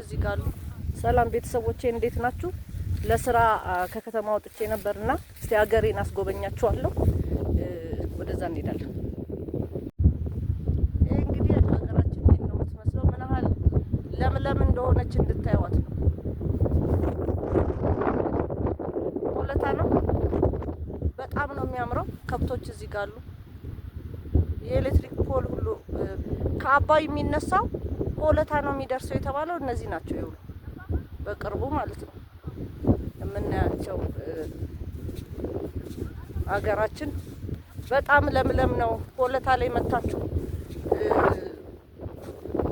እዚህ ጋር ሰላም ቤተሰቦቼ እንዴት ናችሁ? ለስራ ከከተማ ወጥቼ ነበርና እስቲ ሀገሬን አስጎበኛችኋለሁ። ወደዛ እንሄዳለን። እንግዲህ ሀገራችን ነው የምትመስለው። ምን ለምለም እንደሆነች እንድታዩዋት ነው። ውለታ ነው። በጣም ነው የሚያምረው። ከብቶች እዚህ ጋር አሉ። የኤሌክትሪክ ፖል ሁሉ ከአባይ የሚነሳው በሁለታ ነው የሚደርሰው የተባለው እነዚህ ናቸው። ይኸው በቅርቡ ማለት ነው የምናያቸው። አገራችን በጣም ለምለም ነው። በሁለታ ላይ መታችሁ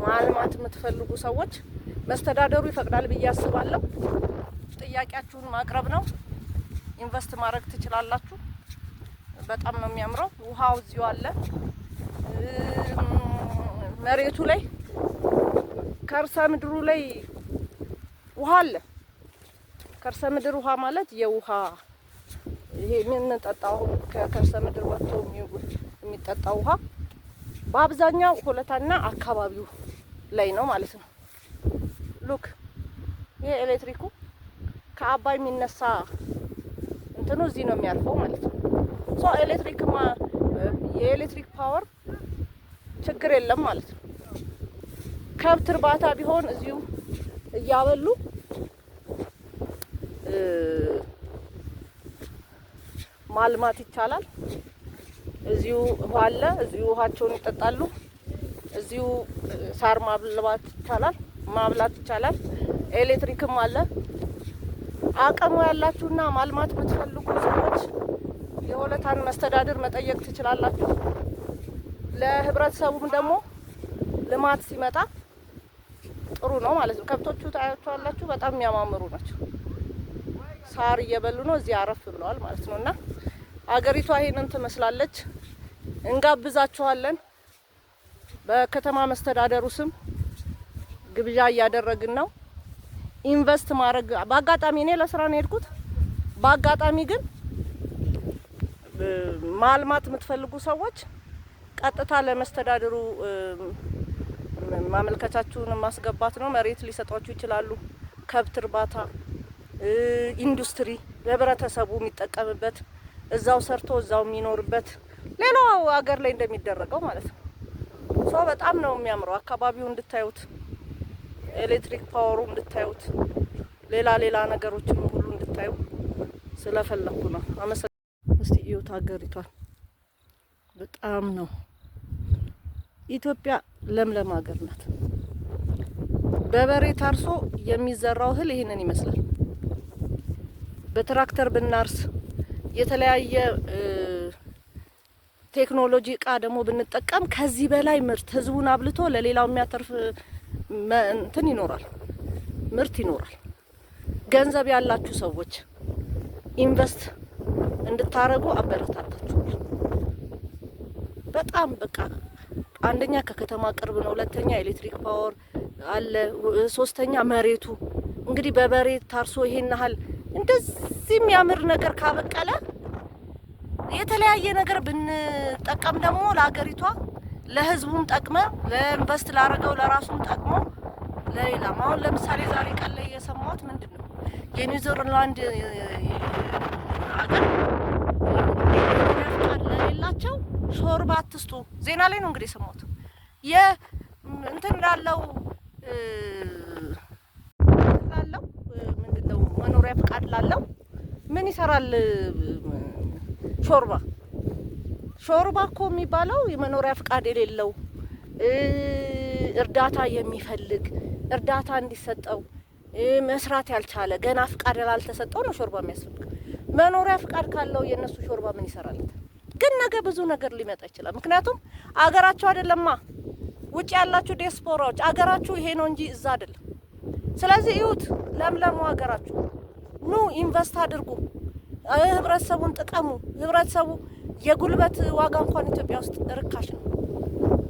ማልማት የምትፈልጉ ሰዎች መስተዳደሩ ይፈቅዳል ብዬ አስባለሁ። ጥያቄያችሁን ማቅረብ ነው። ኢንቨስት ማድረግ ትችላላችሁ። በጣም ነው የሚያምረው። ውሃው እዚሁ አለ መሬቱ ላይ ከርሰ ምድሩ ላይ ውሃ አለ። ከርሰ ምድር ውሃ ማለት የውሃ ይሄ የምንጠጣው ከከርሰ ምድር ወጥቶ የሚጠጣው ውሃ በአብዛኛው ሆለታና አካባቢው ላይ ነው ማለት ነው። ሉክ ይሄ ኤሌክትሪኩ ከአባይ የሚነሳ እንትኑ እዚህ ነው የሚያርፈው ማለት ነው። ሶ ኤሌክትሪክ የኤሌክትሪክ ፓወር ችግር የለም ማለት ነው። ከብት እርባታ ቢሆን እዚሁ እያበሉ ማልማት ይቻላል። እዚሁ ውሃ አለ። እዚሁ ውሃቸውን ይጠጣሉ። እዚሁ ሳር ማብላት ይቻላል ማብላት ይቻላል። ኤሌክትሪክም አለ። አቅሙ ያላችሁና ማልማት የምትፈልጉ ሰዎች የሆለታን መስተዳድር መጠየቅ ትችላላችሁ። ለህብረተሰቡም ደግሞ ልማት ሲመጣ ጥሩ ነው ማለት ነው። ከብቶቹ ታያቸዋላችሁ፣ በጣም የሚያማምሩ ናቸው። ሳር እየበሉ ነው፣ እዚህ አረፍ ብለዋል ማለት ነው። እና አገሪቷ ይሄንን ትመስላለች። እንጋብዛችኋለን። በከተማ መስተዳደሩ ስም ግብዣ እያደረግን ነው። ኢንቨስት ማድረግ በአጋጣሚ እኔ ለስራ ነው የሄድኩት። በአጋጣሚ ግን ማልማት የምትፈልጉ ሰዎች ቀጥታ ለመስተዳድሩ ማመልከቻችሁን ማስገባት ነው። መሬት ሊሰጧችሁ ይችላሉ። ከብት እርባታ፣ ኢንዱስትሪ ህብረተሰቡ የሚጠቀምበት እዛው ሰርቶ እዛው የሚኖርበት ሌላው ሀገር ላይ እንደሚደረገው ማለት ነው። ሰው በጣም ነው የሚያምረው። አካባቢው እንድታዩት፣ ኤሌክትሪክ ፓወሩ እንድታዩት፣ ሌላ ሌላ ነገሮችም ሁሉ እንድታዩ ስለፈለኩ ነው። አመሰግናለሁ። እስቲ እዩት ሀገሪቷን በጣም ነው ኢትዮጵያ ለምለም ሀገር ናት። በበሬ ታርሶ የሚዘራው እህል ይህንን ይመስላል። በትራክተር ብናርስ የተለያየ ቴክኖሎጂ እቃ ደግሞ ብንጠቀም ከዚህ በላይ ምርት ህዝቡን አብልቶ ለሌላው የሚያተርፍ እንትን ይኖራል፣ ምርት ይኖራል። ገንዘብ ያላችሁ ሰዎች ኢንቨስት እንድታረጉ አበረታታችኋል። በጣም በቃ አንደኛ ከከተማ ቅርብ ነው፣ ሁለተኛ ኤሌክትሪክ ፓወር አለ፣ ሶስተኛ መሬቱ እንግዲህ በበሬ ታርሶ ይሄን ያህል እንደዚህ የሚያምር ነገር ካበቀለ የተለያየ ነገር ብንጠቀም ደግሞ ለሀገሪቷ ለህዝቡም ጠቅመ ለኢንቨስት ላረገው ለራሱም ጠቅሞ ለሌላም አሁን ለምሳሌ ዛሬ ቀን ላይ የሰማሁት ምንድን ነው የኒውዚላንድ አገር ለሌላቸው ሾርባ አትስጡ። ዜና ላይ ነው እንግዲህ ስሞት እንትን ላለው ላለው መኖሪያ ፍቃድ ላለው ምን ይሰራል? ሾርባ ሾርባ እኮ የሚባለው የመኖሪያ ፍቃድ የሌለው እርዳታ የሚፈልግ እርዳታ እንዲሰጠው መስራት ያልቻለ ገና ፍቃድ ላልተሰጠው ነው ሾርባ የሚያስፈልግ። መኖሪያ ፍቃድ ካለው የእነሱ ሾርባ ምን ይሰራል? ግን ነገ ብዙ ነገር ሊመጣ ይችላል። ምክንያቱም አገራችሁ አይደለማ ውጭ ያላችሁ ዲያስፖራዎች አገራችሁ ይሄ ነው እንጂ እዛ አይደለም። ስለዚህ እዩት፣ ለምለሙ አገራችሁ ኑ፣ ኢንቨስት አድርጉ፣ ህብረተሰቡን ጥቀሙ። ህብረተሰቡ የጉልበት ዋጋ እንኳን ኢትዮጵያ ውስጥ ርካሽ ነው።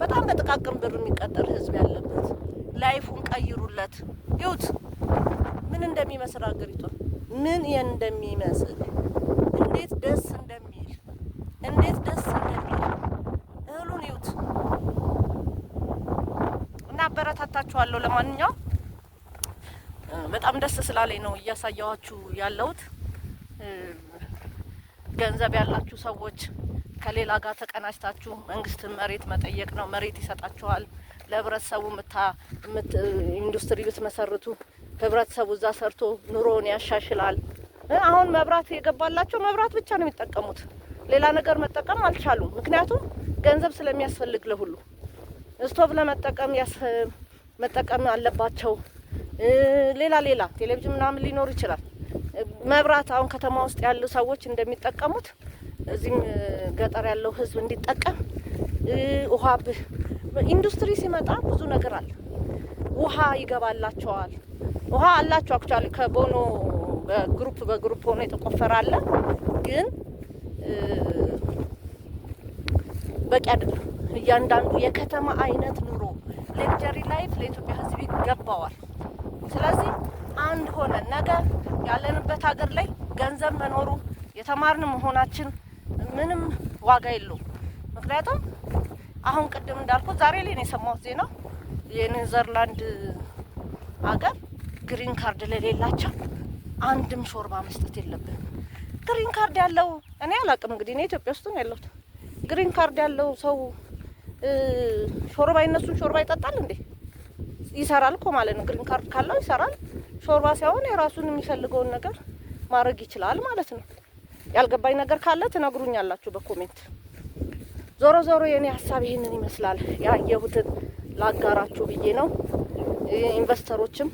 በጣም በጥቃቅን ብር የሚቀጠር ህዝብ ያለበት ላይፉን ቀይሩለት። እዩት ምን እንደሚመስል አገሪቷ ምን እንደሚመስል እንዴት ደስ እንደሚ ማየት ደስ እንደሚል እህሉን ይዩት እና አበረታታችኋለሁ። ለማንኛውም በጣም ደስ ስላለኝ ነው እያሳየኋችሁ ያለሁት። ገንዘብ ያላችሁ ሰዎች ከሌላ ጋር ተቀናጅታችሁ መንግስትን መሬት መጠየቅ ነው። መሬት ይሰጣችኋል። ለህብረተሰቡ ኢንዱስትሪ ብትመሰርቱ ህብረተሰቡ እዛ ሰርቶ ኑሮውን ያሻሽላል። አሁን መብራት የገባላቸው መብራት ብቻ ነው የሚጠቀሙት። ሌላ ነገር መጠቀም አልቻሉም። ምክንያቱም ገንዘብ ስለሚያስፈልግ ለሁሉ ስቶቭ ለመጠቀም መጠቀም አለባቸው። ሌላ ሌላ ቴሌቪዥን ምናምን ሊኖር ይችላል። መብራት አሁን ከተማ ውስጥ ያሉ ሰዎች እንደሚጠቀሙት እዚህም ገጠር ያለው ህዝብ እንዲጠቀም ውሃ ኢንዱስትሪ ሲመጣ ብዙ ነገር አለ። ውሃ ይገባላቸዋል። ውሃ አላቸው። አክቹዋሊ ከቦኖ ግሩፕ በግሩፕ ሆኖ የተቆፈረ አለ ግን በቂ አይደለም። እያንዳንዱ የከተማ አይነት ኑሮ ሌክቸሪ ላይፍ ለኢትዮጵያ ሕዝብ ይገባዋል። ስለዚህ አንድ ሆነ ነገ ያለንበት ሀገር ላይ ገንዘብ መኖሩ የተማርን መሆናችን ምንም ዋጋ የለው ምክንያቱም አሁን ቅድም እንዳልኩት ዛሬ ላይ ነው የሰማሁት ዜና የኔዘርላንድ አገር ግሪን ካርድ ለሌላቸው አንድም ሾርባ መስጠት የለብን። ግሪን ካርድ ያለው እኔ አላቅም። እንግዲህ እኔ ኢትዮጵያ ውስጥ ነው ያለሁት። ግሪን ካርድ ያለው ሰው ሾርባ ይነሱን ሾርባ ይጠጣል እንዴ? ይሰራል እኮ ማለት ነው። ግሪን ካርድ ካለው ይሰራል። ሾርባ ሳይሆን የራሱን የሚፈልገውን ነገር ማድረግ ይችላል ማለት ነው። ያልገባኝ ነገር ካለ ትነግሩኛላችሁ በኮሜንት። ዞሮ ዞሮ የእኔ ሀሳብ ይህንን ይመስላል። ያየሁትን ላጋራችሁ ብዬ ነው። ኢንቨስተሮችም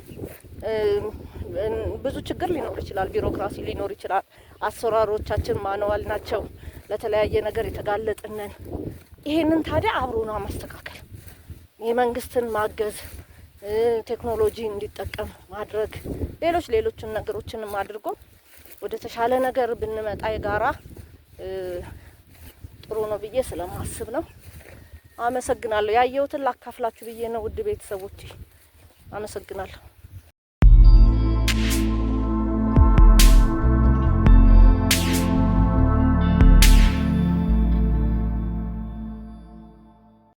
ብዙ ችግር ሊኖር ይችላል፣ ቢሮክራሲ ሊኖር ይችላል። አሰራሮቻችን ማነዋል ናቸው። ለተለያየ ነገር የተጋለጥነን። ይሄንን ታዲያ አብሮ ነው ማስተካከል፣ የመንግስትን ማገዝ፣ ቴክኖሎጂ እንዲጠቀም ማድረግ፣ ሌሎች ሌሎችን ነገሮችንም አድርጎ ወደ ተሻለ ነገር ብንመጣ የጋራ ጥሩ ነው ብዬ ስለማስብ ነው። አመሰግናለሁ። ያየሁትን ላካፍላችሁ ብዬ ነው። ውድ ቤተሰቦች አመሰግናለሁ።